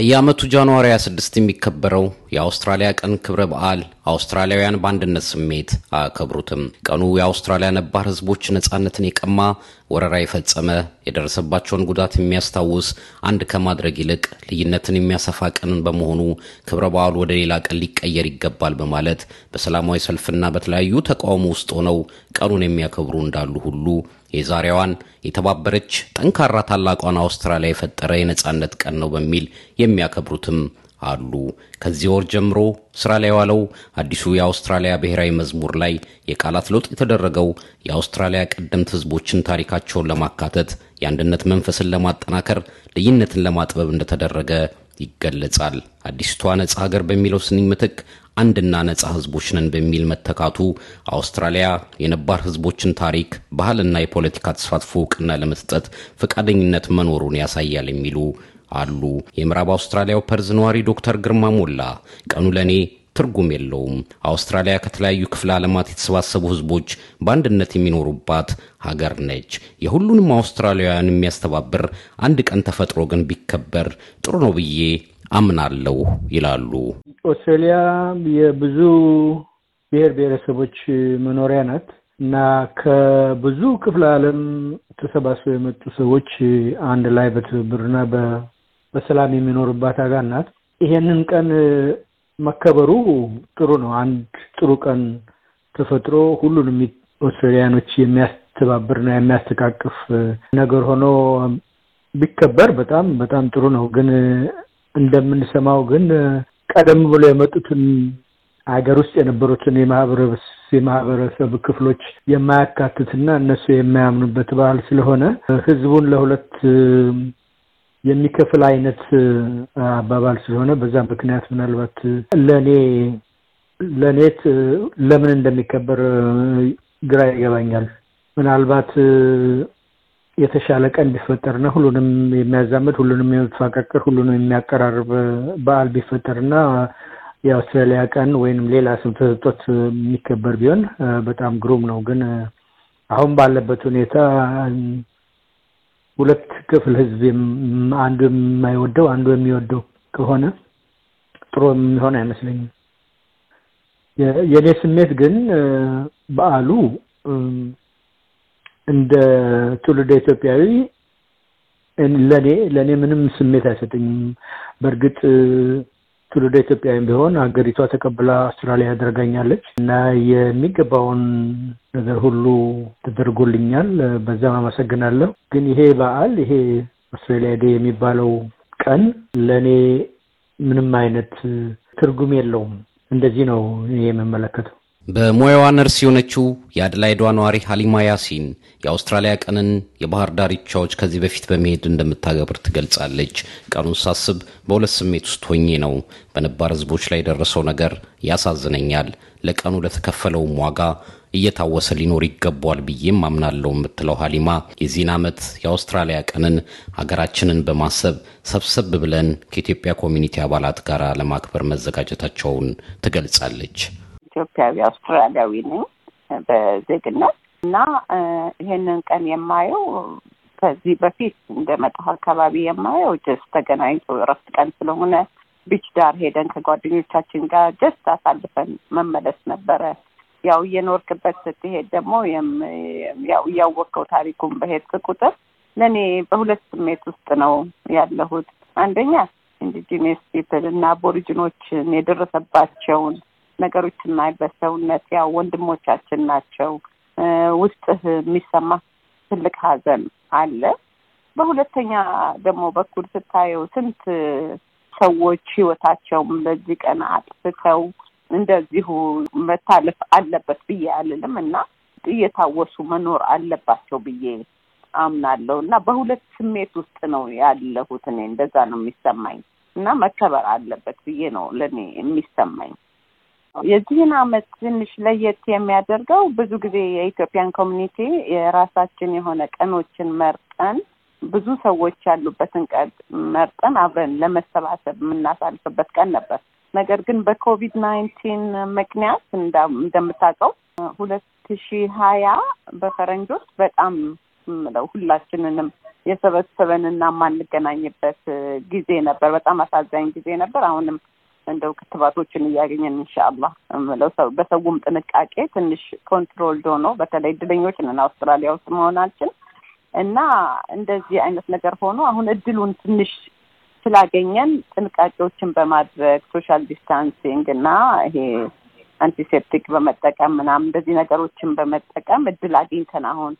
በየዓመቱ ጃንዋሪ 26 የሚከበረው የአውስትራሊያ ቀን ክብረ በዓል አውስትራሊያውያን በአንድነት ስሜት አያከብሩትም። ቀኑ የአውስትራሊያ ነባር ህዝቦች ነጻነትን የቀማ ወረራ የፈጸመ የደረሰባቸውን ጉዳት የሚያስታውስ አንድ ከማድረግ ይልቅ ልዩነትን የሚያሰፋ ቀንን በመሆኑ ክብረ በዓሉ ወደ ሌላ ቀን ሊቀየር ይገባል በማለት በሰላማዊ ሰልፍና በተለያዩ ተቃውሞ ውስጥ ሆነው ቀኑን የሚያከብሩ እንዳሉ ሁሉ የዛሬዋን የተባበረች ጠንካራ ታላቋን አውስትራሊያ የፈጠረ የነጻነት ቀን ነው በሚል የሚያከብሩትም አሉ። ከዚህ ወር ጀምሮ ስራ ላይ ዋለው አዲሱ የአውስትራሊያ ብሔራዊ መዝሙር ላይ የቃላት ለውጥ የተደረገው የአውስትራሊያ ቀደምት ህዝቦችን ታሪካቸውን ለማካተት የአንድነት መንፈስን ለማጠናከር፣ ልዩነትን ለማጥበብ እንደተደረገ ይገለጻል። አዲስቷ ነጻ ሀገር በሚለው ስንኝ ምትክ አንድና ነጻ ህዝቦች ነን በሚል መተካቱ አውስትራሊያ የነባር ህዝቦችን ታሪክ፣ ባህልና የፖለቲካ ተሳትፎ እውቅና ለመስጠት ፈቃደኝነት መኖሩን ያሳያል የሚሉ አሉ። የምዕራብ አውስትራሊያው ፐርዝ ነዋሪ ዶክተር ግርማ ሞላ ቀኑ ለእኔ ትርጉም የለውም፣ አውስትራሊያ ከተለያዩ ክፍለ ዓለማት የተሰባሰቡ ህዝቦች በአንድነት የሚኖሩባት ሀገር ነች። የሁሉንም አውስትራሊያውያን የሚያስተባብር አንድ ቀን ተፈጥሮ ግን ቢከበር ጥሩ ነው ብዬ አምናለሁ ይላሉ። ኦስትሬሊያ የብዙ ብሔር ብሔረሰቦች መኖሪያ ናት እና ከብዙ ክፍለ ዓለም ተሰባስበው የመጡ ሰዎች አንድ ላይ በትብብርና በሰላም የሚኖርባት ሀገር ናት። ይሄንን ቀን መከበሩ ጥሩ ነው። አንድ ጥሩ ቀን ተፈጥሮ ሁሉንም ኦስትራሊያኖች የሚያስተባብር ነው የሚያስተቃቅፍ ነገር ሆኖ ቢከበር በጣም በጣም ጥሩ ነው። ግን እንደምንሰማው ግን ቀደም ብሎ የመጡትን ሀገር ውስጥ የነበሩትን የማህበረሰብ ክፍሎች የማያካትትና እነሱ የማያምኑበት ባህል ስለሆነ ህዝቡን ለሁለት የሚከፍል አይነት አባባል ስለሆነ በዛ ምክንያት ምናልባት ለእኔ ለኔት ለምን እንደሚከበር ግራ ይገባኛል። ምናልባት የተሻለ ቀን ቢፈጠርና ሁሉንም የሚያዛምድ ሁሉንም የሚፋቀቅር ሁሉንም የሚያቀራርብ በዓል ቢፈጠርና የአውስትራሊያ ቀን ወይንም ሌላ ስም ተሰጥቶት የሚከበር ቢሆን በጣም ግሩም ነው። ግን አሁን ባለበት ሁኔታ ሁለት ክፍል ህዝብ አንዱ የማይወደው አንዱ የሚወደው ከሆነ ጥሩ የሚሆን አይመስለኝም። የእኔ ስሜት ግን በዓሉ እንደ ትውልደ ኢትዮጵያዊ ለኔ ለኔ ምንም ስሜት አይሰጠኝም። በእርግጥ ትውልደ ኢትዮጵያዊም ቢሆን ሀገሪቷ ተቀብላ አውስትራሊያ አድርጋኛለች እና የሚገባውን ነገር ሁሉ ተደርጎልኛል። በዛም አመሰግናለሁ። ግን ይሄ በዓል ይሄ አውስትራሊያ ዴይ የሚባለው ቀን ለእኔ ምንም አይነት ትርጉም የለውም። እንደዚህ ነው የምመለከተው። በሙያዋ ነርስ የሆነችው የአድላይዷ ነዋሪ ሀሊማ ያሲን የአውስትራሊያ ቀንን የባህር ዳርቻዎች ከዚህ በፊት በመሄድ እንደምታገብር ትገልጻለች። ቀኑን ሳስብ በሁለት ስሜት ውስጥ ሆኜ ነው። በነባር ህዝቦች ላይ የደረሰው ነገር ያሳዝነኛል። ለቀኑ ለተከፈለውም ዋጋ እየታወሰ ሊኖር ይገባዋል ብዬም አምናለው የምትለው ሀሊማ የዚህን ዓመት የአውስትራሊያ ቀንን ሀገራችንን በማሰብ ሰብሰብ ብለን ከኢትዮጵያ ኮሚኒቲ አባላት ጋር ለማክበር መዘጋጀታቸውን ትገልጻለች። ኢትዮጵያዊ አውስትራሊያዊ ነኝ በዜግነት እና ይህንን ቀን የማየው ከዚህ በፊት እንደመጣሁ አካባቢ የማየው ጀስት ተገናኝቶ እረፍት ቀን ስለሆነ ቢች ዳር ሄደን ከጓደኞቻችን ጋር ጀስት አሳልፈን መመለስ ነበረ። ያው እየኖርክበት ስትሄድ ደግሞ ያው እያወቅከው ታሪኩን በሄድክ ቁጥር ለእኔ በሁለት ስሜት ውስጥ ነው ያለሁት። አንደኛ ኢንዲጂነስ ፒፕል እና አቦሪጂኖችን የደረሰባቸውን ነገሮች ስናይበት ሰውነት ያው ወንድሞቻችን ናቸው። ውስጥህ የሚሰማ ትልቅ ሀዘን አለ። በሁለተኛ ደግሞ በኩል ስታየው ስንት ሰዎች ህይወታቸውም ለዚህ ቀን አጥፍተው እንደዚሁ መታለፍ አለበት ብዬ አልልም እና እየታወሱ መኖር አለባቸው ብዬ አምናለሁ እና በሁለት ስሜት ውስጥ ነው ያለሁት እኔ እንደዛ ነው የሚሰማኝ እና መከበር አለበት ብዬ ነው ለእኔ የሚሰማኝ። የዚህን አመት ትንሽ ለየት የሚያደርገው ብዙ ጊዜ የኢትዮጵያን ኮሚኒቲ የራሳችን የሆነ ቀኖችን መርጠን ብዙ ሰዎች ያሉበትን ቀን መርጠን አብረን ለመሰባሰብ የምናሳልፍበት ቀን ነበር። ነገር ግን በኮቪድ ናይንቲን ምክንያት እንደምታውቀው ሁለት ሺህ ሀያ በፈረንጆች በጣም ምለው ሁላችንንም የሰበሰበንና የማንገናኝበት ጊዜ ነበር። በጣም አሳዛኝ ጊዜ ነበር። አሁንም እንደው ክትባቶችን እያገኘን እንሻላ ምለው ሰው በሰውም ጥንቃቄ ትንሽ ዶ ነው በተለይ እድለኞች ነን አውስትራሊያ ውስጥ መሆናችን እና እንደዚህ አይነት ነገር ሆኖ አሁን እድሉን ትንሽ ስላገኘን ጥንቃቄዎችን በማድረግ ሶሻል ዲስታንሲንግ እና ይሄ አንቲሴፕቲክ በመጠቀም ምናምን እንደዚህ ነገሮችን በመጠቀም እድል አግኝተን አሁን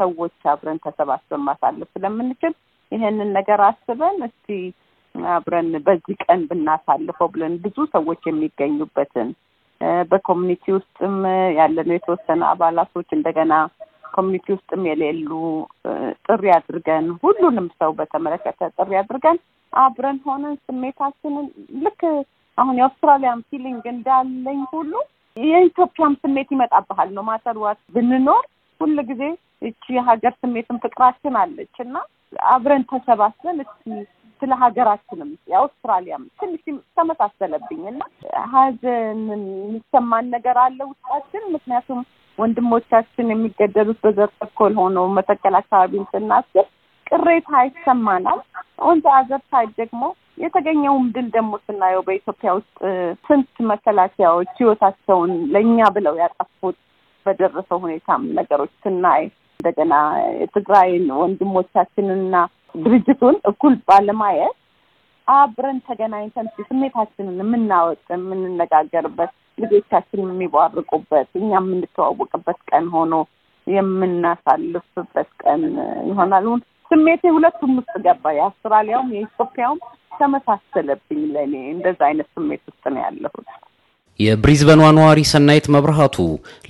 ሰዎች አብረን ተሰባስበን ማሳለፍ ስለምንችል ይህንን ነገር አስበን እስቲ አብረን በዚህ ቀን ብናሳልፈው ብለን ብዙ ሰዎች የሚገኙበትን በኮሚኒቲ ውስጥም ያለነው የተወሰነ አባላቶች እንደገና ኮሚኒቲ ውስጥም የሌሉ ጥሪ አድርገን ሁሉንም ሰው በተመለከተ ጥሪ አድርገን አብረን ሆነን ስሜታችንን ልክ አሁን የአውስትራሊያን ፊሊንግ እንዳለኝ ሁሉ የኢትዮጵያም ስሜት ይመጣብሃል። ነው ማሰርዋት ብንኖር ሁል ጊዜ እቺ የሀገር ስሜትም ፍቅራችን አለች እና አብረን ተሰባስበን እስኪ ስለ ሀገራችንም የአውስትራሊያም ትንሽ ተመሳሰለብኝ እና ሀዘን የሚሰማን ነገር አለ ውስጣችን። ምክንያቱም ወንድሞቻችን የሚገደሉት በዘር ተኮር ሆኖ መተከል አካባቢን ስናስብ ቅሬታ ይሰማናል። ኦን አዘር ሳይድ ደግሞ የተገኘውም ድል ደግሞ ስናየው በኢትዮጵያ ውስጥ ስንት መከላከያዎች ህይወታቸውን ለእኛ ብለው ያጠፉት በደረሰው ሁኔታም ነገሮች ስናይ እንደገና የትግራይን ወንድሞቻችንና ድርጅቱን እኩል ባለማየት አብረን ተገናኝተን ስሜታችንን የምናወጥ የምንነጋገርበት ልጆቻችን የሚባርቁበት እኛ የምንተዋወቅበት ቀን ሆኖ የምናሳልፍበት ቀን ይሆናል። ስሜቴ ሁለቱም ውስጥ ገባ። የአውስትራሊያውም የኢትዮጵያውም ተመሳሰለብኝ። ለእኔ እንደዛ አይነት ስሜት ውስጥ ነው ያለሁት። የብሪዝበኗ ነዋሪ ሰናይት መብርሃቱ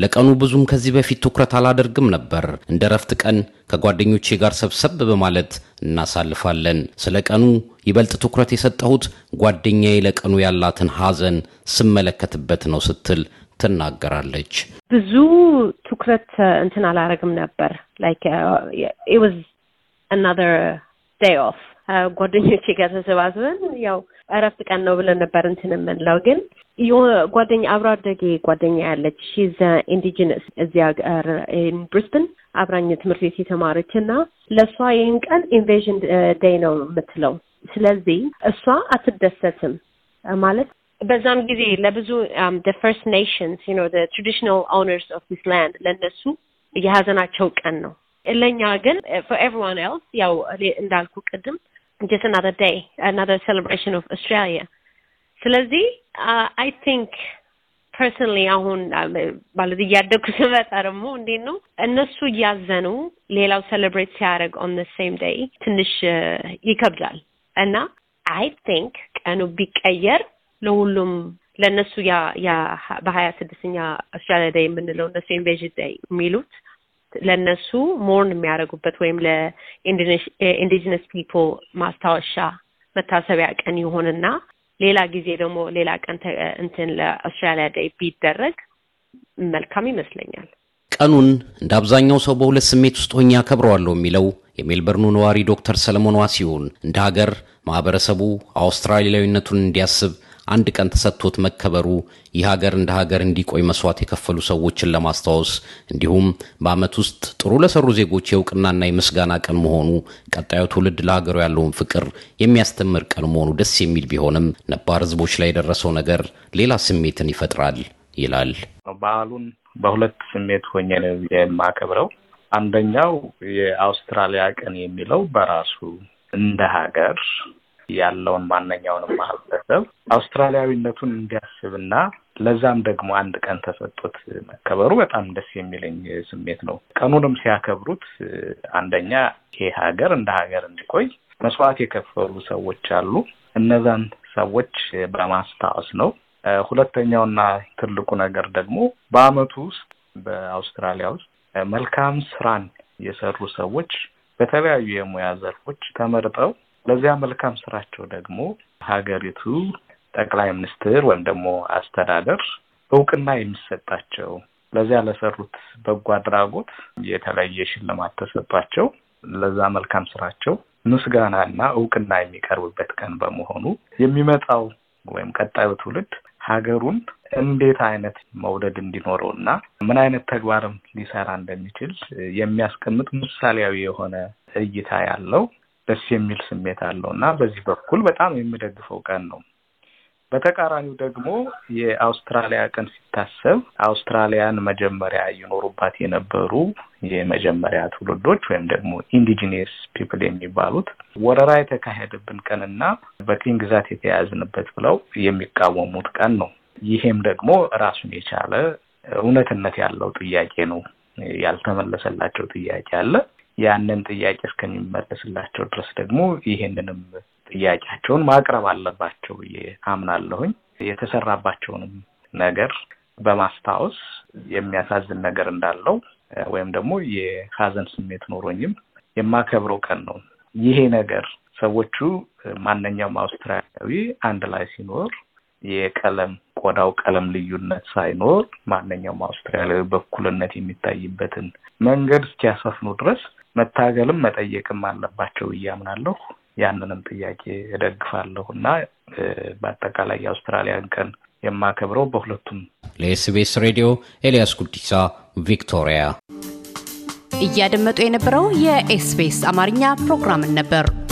ለቀኑ ብዙም ከዚህ በፊት ትኩረት አላደርግም ነበር። እንደ ረፍት ቀን ከጓደኞቼ ጋር ሰብሰብ በማለት እናሳልፋለን። ስለ ቀኑ ይበልጥ ትኩረት የሰጠሁት ጓደኛዬ ለቀኑ ያላትን ሐዘን ስመለከትበት ነው ስትል ትናገራለች። ብዙ ትኩረት እንትን አላደርግም ነበር ላይክ ኢት ዋዝ አናዘር ዴይ ኦፍ ጓደኞቼ ጋር ተሰባስበን ያው እረፍት ቀን ነው ብለን ነበር እንትን የምንለው ግን ጓደኛ አብሮ አደጌ ጓደኛ ያለች ሺዘ ኢንዲጂነስ እዚያ ጋር አብራኝ ትምህርት ቤት የተማረች እና ለእሷ ይህን ቀን ኢንቬዥን ደይ ነው የምትለው። ስለዚህ እሷ አትደሰትም ማለት በዛም ጊዜ ለብዙ ፈርስት ኔሽንስ ትራዲሽናል ኦነርስ ኦፍ ዚስ ላንድ ለእነሱ የሀዘናቸው ቀን ነው። ለእኛ ግን ፎር ኤቭሪዋን ኤልስ ያው እንዳልኩ ቅድም just another day, another celebration of Australia. ስለዚህ አይ ቲንክ ፐርሰናሊ አሁን ማለት እያደኩ ስመጣ ደግሞ እንዴት ነው እነሱ እያዘኑ ሌላው ሴሌብሬት ሲያደርግ ኦን ሴም ዴይ ትንሽ ይከብዳል እና አይ ቲንክ ቀኑ ቢቀየር ለሁሉም ለእነሱ ያ በሀያ ስድስተኛ አውስትራሊያ ዴይ የምንለው እነሱ ኢንቬዥን ዴይ የሚሉት ለነሱ ሞርን የሚያደርጉበት ወይም ለኢንዲጂነስ ፒፕል ማስታወሻ መታሰቢያ ቀን ይሆንና ሌላ ጊዜ ደግሞ ሌላ ቀን እንትን ለአውስትራሊያ ዴይ ቢደረግ መልካም ይመስለኛል። ቀኑን እንደ አብዛኛው ሰው በሁለት ስሜት ውስጥ ሆኜ አከብረዋለሁ የሚለው የሜልበርኑ ነዋሪ ዶክተር ሰለሞን ዋሲሁን እንደ ሀገር ማህበረሰቡ አውስትራሊያዊነቱን እንዲያስብ አንድ ቀን ተሰጥቶት መከበሩ ይህ ሀገር እንደ ሀገር እንዲቆይ መስዋዕት የከፈሉ ሰዎችን ለማስታወስ እንዲሁም በዓመት ውስጥ ጥሩ ለሰሩ ዜጎች የእውቅናና የምስጋና ቀን መሆኑ ቀጣዩ ትውልድ ለሀገሩ ያለውን ፍቅር የሚያስተምር ቀን መሆኑ ደስ የሚል ቢሆንም ነባር ሕዝቦች ላይ የደረሰው ነገር ሌላ ስሜትን ይፈጥራል ይላል። ባህሉን በሁለት ስሜት ሆኜ ነው የማከብረው። አንደኛው የአውስትራሊያ ቀን የሚለው በራሱ እንደ ሀገር ያለውን ማንኛውንም ማህበረሰብ አውስትራሊያዊነቱን እንዲያስብና ለዛም ደግሞ አንድ ቀን ተሰጡት መከበሩ በጣም ደስ የሚለኝ ስሜት ነው። ቀኑንም ሲያከብሩት አንደኛ ይሄ ሀገር እንደ ሀገር እንዲቆይ መስዋዕት የከፈሉ ሰዎች አሉ። እነዛን ሰዎች በማስታወስ ነው። ሁለተኛውና ትልቁ ነገር ደግሞ በአመቱ ውስጥ በአውስትራሊያ ውስጥ መልካም ስራን የሰሩ ሰዎች በተለያዩ የሙያ ዘርፎች ተመርጠው ለዚያ መልካም ስራቸው ደግሞ ሀገሪቱ ጠቅላይ ሚኒስትር ወይም ደግሞ አስተዳደር እውቅና የሚሰጣቸው ለዚያ ለሰሩት በጎ አድራጎት የተለየ ሽልማት ተሰጧቸው ለዛ መልካም ስራቸው ምስጋናና እውቅና የሚቀርብበት ቀን በመሆኑ የሚመጣው ወይም ቀጣዩ ትውልድ ሀገሩን እንዴት አይነት መውደድ እንዲኖረው እና ምን አይነት ተግባርም ሊሰራ እንደሚችል የሚያስቀምጥ ምሳሌያዊ የሆነ እይታ ያለው ደስ የሚል ስሜት አለው እና በዚህ በኩል በጣም የሚደግፈው ቀን ነው። በተቃራኒው ደግሞ የአውስትራሊያ ቀን ሲታሰብ አውስትራሊያን መጀመሪያ ይኖሩባት የነበሩ የመጀመሪያ ትውልዶች ወይም ደግሞ ኢንዲጂኒየስ ፒፕል የሚባሉት ወረራ የተካሄደብን ቀንና በቅኝ ግዛት የተያዝንበት ብለው የሚቃወሙት ቀን ነው። ይሄም ደግሞ ራሱን የቻለ እውነትነት ያለው ጥያቄ ነው። ያልተመለሰላቸው ጥያቄ አለ። ያንን ጥያቄ እስከሚመለስላቸው ድረስ ደግሞ ይሄንንም ጥያቄያቸውን ማቅረብ አለባቸው ብዬ አምናለሁኝ። የተሰራባቸውንም ነገር በማስታወስ የሚያሳዝን ነገር እንዳለው ወይም ደግሞ የሀዘን ስሜት ኖሮኝም የማከብረው ቀን ነው። ይሄ ነገር ሰዎቹ ማንኛውም አውስትራሊያዊ አንድ ላይ ሲኖር የቀለም ቆዳው ቀለም ልዩነት ሳይኖር ማንኛውም አውስትራሊያዊ በኩልነት የሚታይበትን መንገድ እስኪያሰፍኑ ድረስ መታገልም መጠየቅም አለባቸው እያምናለሁ ያንንም ጥያቄ እደግፋለሁ እና በአጠቃላይ የአውስትራሊያን ቀን የማከብረው በሁለቱም። ለኤስቤስ ሬዲዮ ኤልያስ ጉዲሳ ቪክቶሪያ። እያደመጡ የነበረው የኤስቢኤስ አማርኛ ፕሮግራምን ነበር።